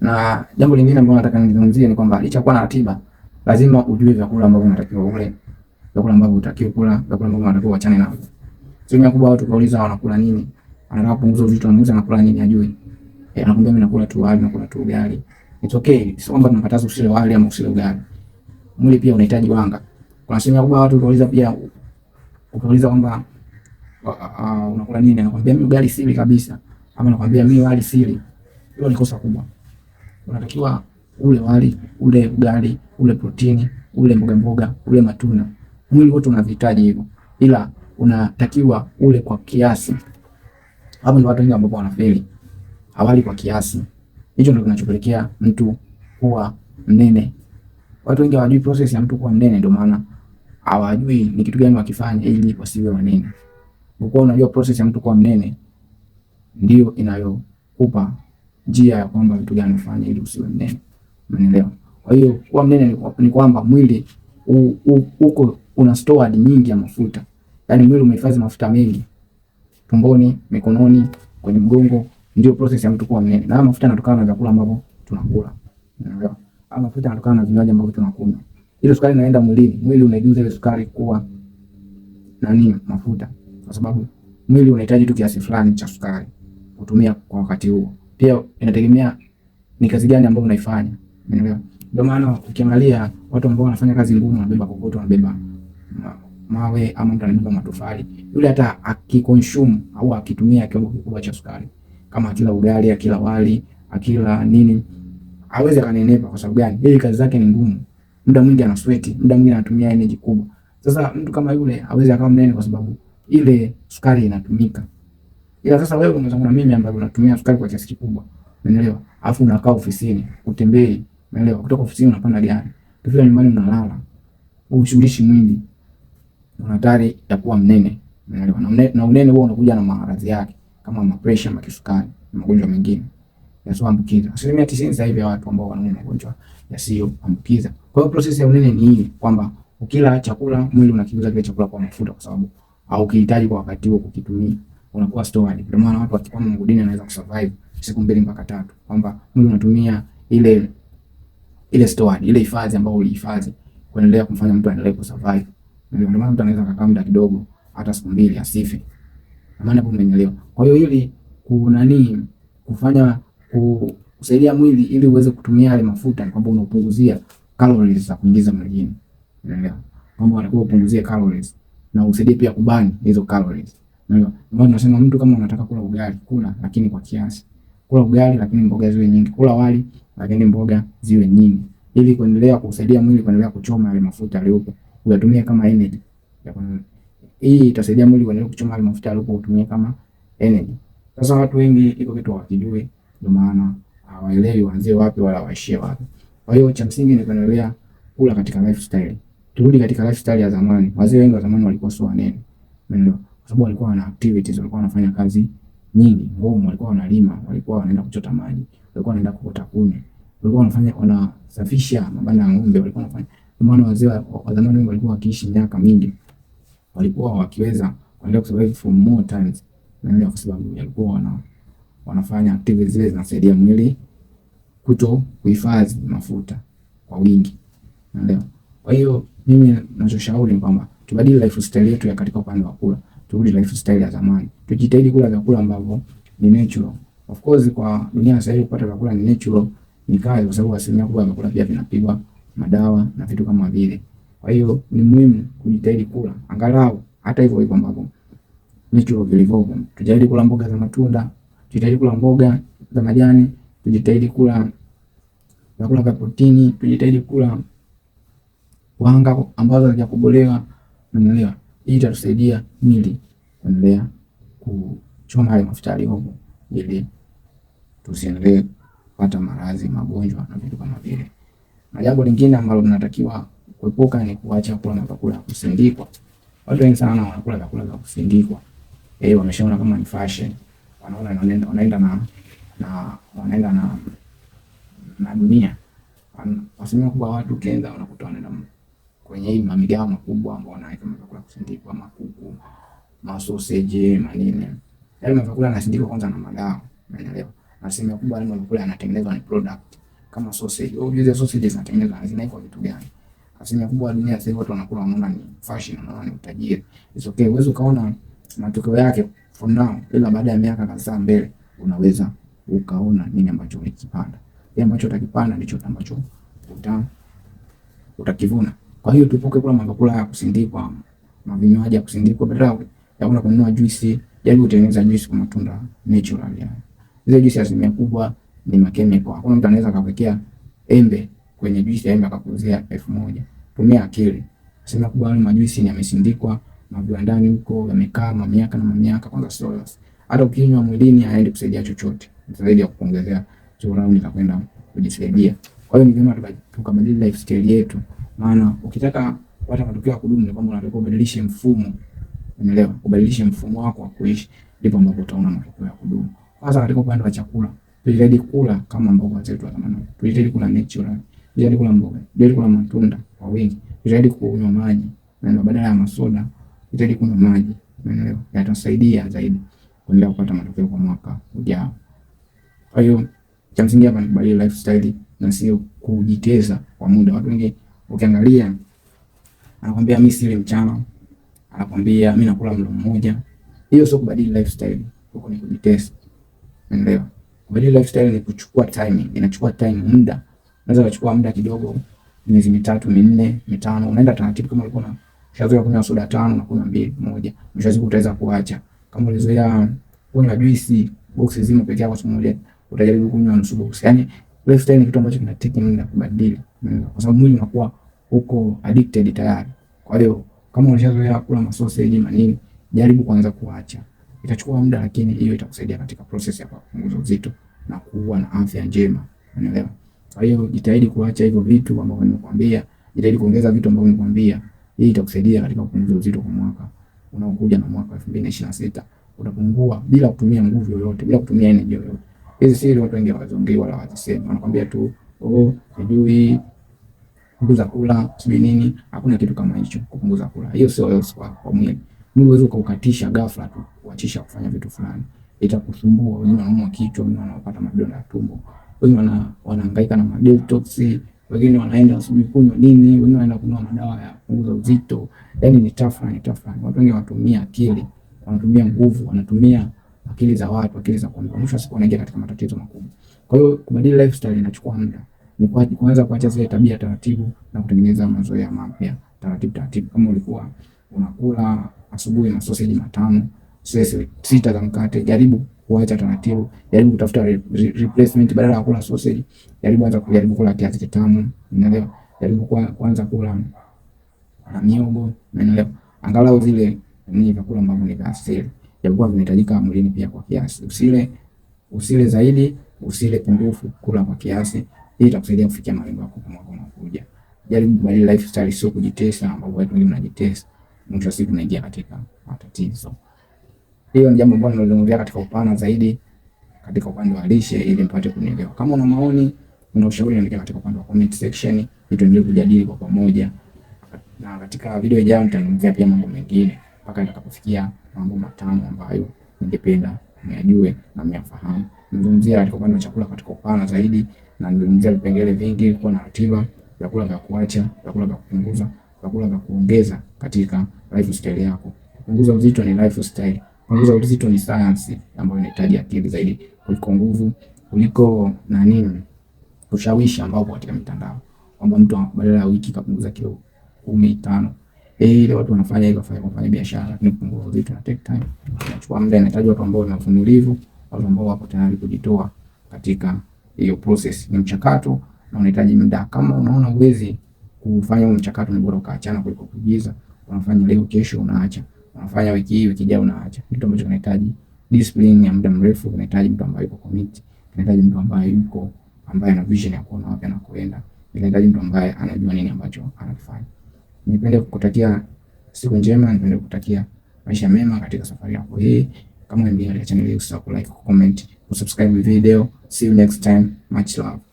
Na jambo lingine ambalo nataka nizungumzie ni kwamba licha kuwa na ratiba, lazima ujue vyakula ambavyo unatakiwa ule, vyakula ambavyo unatakiwa kula, vyakula ambavyo unatakiwa uachane navyo. Sio kubwa watu kauliza wanakula nini? Anataka kupunguza uzito, anauliza anakula nini ajui. e, eh, anakuambia mimi nakula tu wali, nakula tu ugali. It's okay. Sio kwamba tunakataza usile wali ama usile ugali. Mwili pia unahitaji wanga. Kuna sehemu kubwa watu kauliza pia ukauliza kwamba uh, uh, unakula nini? Anakuambia mimi ugali sili kabisa. Ama anakuambia mimi wali sili. Hilo ni kosa kubwa unatakiwa ule wali, ule ugali, ule protini, ule mboga mboga, ule matunda. Mwili wote unavihitaji hivyo, ila unatakiwa ule kwa kiasi. Hapo ndio watu wengi ambao wanafeli, hawali kwa kiasi. Hicho ndio kinachopelekea mtu kuwa mnene. Watu wengi hawajui process ya mtu kuwa mnene, ndio maana hawajui ni kitu gani wakifanya ili wasiwe wanene. Kwa unajua process ya mtu kuwa mnene ndio inayokupa njia ya kwamba vitu gani ufanye ili usiwe mnene. Umeelewa? Kwa hiyo kuwa mnene ni kwamba mwili u, uko una stored nyingi ya mafuta, yaani mwili umehifadhi mafuta mengi tumboni, mikononi, kwenye mgongo. Ndio process ya mtu kuwa mnene, na mafuta yanatokana na vyakula ambavyo tunakula. Unaelewa? Ama mafuta yanatokana na vinywaji ambavyo tunakunywa. Ile sukari inaenda mwilini, mwili unaijuza ile sukari kuwa nani mafuta, kwa sababu mwili unahitaji tu kiasi fulani cha sukari kutumia kwa wakati huo. Pia inategemea ni kazi gani ambayo unaifanya. Umeelewa? Ndio maana ukiangalia watu ambao wanafanya kazi ngumu, wanabeba kokoto, wanabeba mawe ama mtu anabeba matofali, yule hata akikonsume au akitumia kiwango kikubwa cha sukari, kama akila ugali, akila wali, akila nini, hawezi akanenepa. Kwa sababu gani? Yeye kazi zake ni ngumu, muda mwingi ana sweat, muda mwingi anatumia energy kubwa. Sasa mtu kama yule hawezi akawa mnene, kwa sababu ile sukari inatumika. Ila sasa wewe unaweza kuna mimi ambaye unatumia sukari kwa kiasi kikubwa. Unaelewa? Alafu unakaa ofisini, utembei. Unaelewa? Kutoka ofisini unapanda gari. Ukifika nyumbani unalala. Ushughulishi mwili. Una hatari ya kuwa mnene. Unaelewa? Na unene huo unakuja na maradhi yake kama mapresha, makisukari na magonjwa mengine yasiyoambukiza. Asilimia tisini sasa hivi ya watu ambao wana magonjwa yasiyoambukiza. Kwa hiyo prosesi ya unene ni hii kwamba ukila chakula mwili unakigeuza kile chakula kwa mafuta kwa sababu haukihitaji kwa wakati huo kukitumia unakuwa stored. Kwa maana watu wakiwa mgudini anaweza kusurvive siku mbili mpaka tatu, kwamba mwili unatumia ile ile stored, ile hifadhi ambayo ulihifadhi kuendelea kumfanya mtu aendelee kusurvive. Ndio maana mtu anaweza kukaa muda kidogo, hata siku mbili asife. Kwa Maana hapo umeelewa. Kwa hiyo ili kuna nini kufanya kusaidia mwili ili uweze kutumia yale mafuta, ni kwamba unapunguzia calories za kuingiza mwilini, unaelewa kwamba unakuwa upunguzie calories na usaidie pia kubani hizo calories. Unajua, Ndio tunasema mtu kama unataka kula ugali, kula lakini kwa kiasi. Kula ugali lakini mboga ziwe nyingi. Kula wali lakini mboga ziwe nyingi ili kuendelea kusaidia mwili kuendelea kuchoma yale mafuta yaliyopo. Uyatumie kama energy. ya kwa Hii itasaidia mwili kuendelea kuchoma yale mafuta yaliyopo utumie kama energy. Sasa watu wengi iko kitu hawakijui, ndio maana hawaelewi waanzie wapi wala waishie wapi. Kwa hiyo cha msingi ni kuendelea kula katika lifestyle. Turudi katika lifestyle ya zamani. Wazee wengi wa zamani walikuwa sio wanene. Umeelewa? kwa sababu walikuwa wana activities, walikuwa wanafanya kazi nyingi ngumu, walikuwa wanalima, walikuwa wanaenda kuchota maji, walikuwa wanaenda kuokota kuni, walikuwa wanafanya wanasafisha mabanda ya ng'ombe, walikuwa wanafanya. Kwa maana wazee wa zamani walikuwa wakiishi miaka mingi, walikuwa wakiweza kuendelea kusurvive for more times, na ndio kwa sababu walikuwa wana wanafanya activities zile zinasaidia mwili kuto kuhifadhi mafuta kwa wingi, unaelewa. Kwa hiyo mimi ninachoshauri ni kwamba tubadili lifestyle yetu ya katika upande wa kula turudi lifestyle ya zamani, tujitahidi kula vyakula ambavyo ni natural. Of course kwa dunia sasa hivi kupata vyakula ni natural ni kazi, kwa sababu asilimia kubwa ya vyakula pia vinapigwa madawa na vitu kama vile. Kwa hiyo ni muhimu kujitahidi kula angalau hata hivyo hivyo ambavyo natural vilivyopo. Tujitahidi kula mboga za matunda, tujitahidi kula mboga za majani, tujitahidi kula vyakula vya protini, tujitahidi kula wanga ambazo hazijakobolewa, unaelewa. Hii itatusaidia mwili kuendelea kuchoma hayo mafuta yaliyomo ili tusiendelee kupata maradhi, magonjwa na vitu kama vile. Na jambo lingine ambalo tunatakiwa kuepuka ni kuacha kula vyakula vya kusindikwa. Watu wengi sana wanakula vyakula vya kusindikwa. Eh, wameshaona kama ni fashion. Wanaona wanaenda wanaenda na na wanaenda na na dunia. Asilimia kubwa watu ukienda wanakuta wanaenda kwenye hii mamigawa makubwa ambao wanaweka vyakula kusindikwa, makuku, masoseji, manini. Yale yaani mavyakula yanasindikwa kwanza na madawa, umeelewa? Na sehemu kubwa ya vyakula yanatengenezwa ni product kama sausage. Au hizo sausage zinatengenezwa zinaikwa vitu gani? Asilimia kubwa ya dunia sasa watu wanakula wanaona ni fashion, wanaona ni utajiri. It's okay, uweze kaona matokeo yake for now, ila baada ya miaka kadhaa mbele unaweza ukaona nini ambacho ulikipanda. Kile ambacho utakipanda ndicho ambacho uta utakivuna. Kwa hiyo tupoke kula mabakula ya kusindikwa na vinywaji ya kusindikwa badala ya kwenda kununua juisi. Jaribu kutengeneza juisi kwa matunda natural. Zile juisi asilimia kubwa ni makemiko. Hakuna mtu anaweza kawekea embe kwenye juisi ya embe akakuuzia elfu moja. Tumia akili. Asilimia kubwa ya majuisi ni yamesindikwa na viwandani huko, yamekaa miaka na miaka, kwanza sio hata ukinywa mwilini haendi kusaidia chochote zaidi ya kukuongezea churauni za kwenda kujisaidia. Kwa hiyo ni vyema tukabadili lifestyle yetu. Maana ukitaka kupata matokeo ya kudumu ni kwamba unatakiwa ubadilishe mfumo, unaelewa? Ubadilishe mfumo wako wa kuishi, ndipo ambapo utaona matokeo ya kudumu. Kwanza katika upande wa chakula, tujitahidi kula kama ambavyo wenzetu wanatamani, tujitahidi kula natural, tujitahidi kula mboga, tujitahidi kula matunda kwa wingi, tujitahidi kunywa maji na badala ya masoda, tujitahidi kunywa maji, unaelewa? Yatasaidia zaidi kuendelea kupata matokeo kwa mwaka ujao. Kwa hiyo cha msingi hapa ni kubadili lifestyle na sio kujiteza kwa muda. Watu wengi Ukiangalia anakwambia mimi sile mchana, anakwambia mimi nakula mlo mmoja. Hiyo sio kubadili lifestyle, huko ni kujitesa. Unaelewa? Kubadili lifestyle ni kuchukua time, inachukua time, muda. Unaweza kuchukua muda kidogo, miezi mitatu, minne, mitano, unaenda taratibu. Kama ulikuwa unazoea kunywa soda tano na kunywa mbili moja, mwisho siku utaweza kuacha. Kama ulizoea kunywa juisi boksi zima peke yako siku moja, utajaribu kunywa nusu boksi, yani lifestyle ni kitu ambacho kina take muda kubadili, kwa sababu mwili unakuwa uko addicted tayari. Kwa hiyo kama ulishazoea kula masoseji na nini, jaribu kuanza kuacha. Itachukua muda, lakini hiyo itakusaidia katika process ya kupunguza uzito na kuwa na afya njema, unaelewa? Kwa hiyo jitahidi kuacha hivyo vitu ambavyo nimekuambia, jitahidi kuongeza vitu ambavyo nimekuambia. Hii itakusaidia katika kupunguza uzito kwa mwaka unaokuja na mwaka 2026 utapungua bila kutumia nguvu yoyote, bila kutumia energy yoyote. Hizi siri watu wengi hawaziongei wala hawazisemi, wanakwambia tu oh, sijui kupunguza kula, sijui nini. Hakuna kitu kama hicho, kupunguza kula. Hiyo sio health kwa kwa mwili. Mwili unaweza kukatisha ghafla tu kuachisha kufanya vitu fulani, itakusumbua. Wengine wanaumwa kichwa, wengine wanapata madonda ya tumbo, wengine wanahangaika na madetox, wengine wanaenda asubuhi kunywa nini, wengine wanaenda kunywa madawa ya kupunguza uzito. Yani ni tafrani, tafrani. Watu wengi wanatumia akili, wanatumia nguvu, wanatumia akili za watu, akili za kondoo. Mwisho siku unaingia katika matatizo makubwa. Kwa hiyo kubadili lifestyle inachukua muda, ni kwa kuanza kuacha zile tabia taratibu na kutengeneza mazoea mapya taratibu taratibu. Kama ulikuwa unakula asubuhi na sausage matano sita za mkate, jaribu kuacha taratibu, jaribu kutafuta re re replacement badala ya kula sausage, jaribu anza kujaribu kula kiasi kitamu, unaelewa? Jaribu kuanza kula na miogo, unaelewa? Angalau zile ni vyakula ambavyo ni vya asili japokuwa vinahitajika mwilini pia kwa kiasi. Usile usile zaidi, usile pungufu, kula kwa kiasi. Hii itakusaidia kufikia malengo yako kwa mwaka unaokuja. Jaribu kubadili lifestyle, sio kujitesa, ambapo watu wengi wanajitesa, mwisho wa siku unaingia katika matatizo. Hiyo ni jambo ambalo nalizungumzia katika upana zaidi katika upande wa lishe ili mpate kunielewa. Kama una maoni, una ushauri, niandike katika upande wa comment section ili tuendelee kujadili kwa pamoja. Na katika video ijayo nitazungumzia pia mambo mengine mpaka nitakapofikia mambo matano ambayo ningependa myajue na myafahamu. Nazungumzia katika upande wa chakula katika upana zaidi, na nazungumzia vipengele vingi, kuwa na ratiba, vyakula vya kuacha, vyakula vya kupunguza, vyakula vya kuongeza katika lifestyle yako. Kupunguza uzito ni lifestyle. Kupunguza uzito ni science ambayo inahitaji akili zaidi kuliko nguvu, kuliko na nini ushawishi ambao katika mitandao kwamba mtu badala ya wiki kapunguza kilo kumi tano Eh, ile watu wanafanya hivyo wafanye kufanya biashara, ni kupunguza vita, take time. Inachukua muda, inahitaji watu ambao ni wavumilivu, watu ambao wako tayari kujitoa katika hiyo process. Ni mchakato na unahitaji muda. Kama unaona uwezi kufanya huo mchakato, ni bora ukaachana kuliko kujiza. Unafanya leo, kesho unaacha. Unafanya wiki hii, wiki ijayo unaacha. Kitu ambacho kinahitaji discipline ya muda mrefu, kinahitaji mtu ambaye yuko commit, kinahitaji mtu ambaye yuko ambaye ana vision ya kuona wapi anakwenda, kinahitaji mtu ambaye anajua nini ambacho anafanya nipende kukutakia siku njema, nipende kukutakia maisha mema katika safari yako hii. Kama umeingia katika channel hii, usisahau kulike, comment, kusubscribe video. See you next time, much love.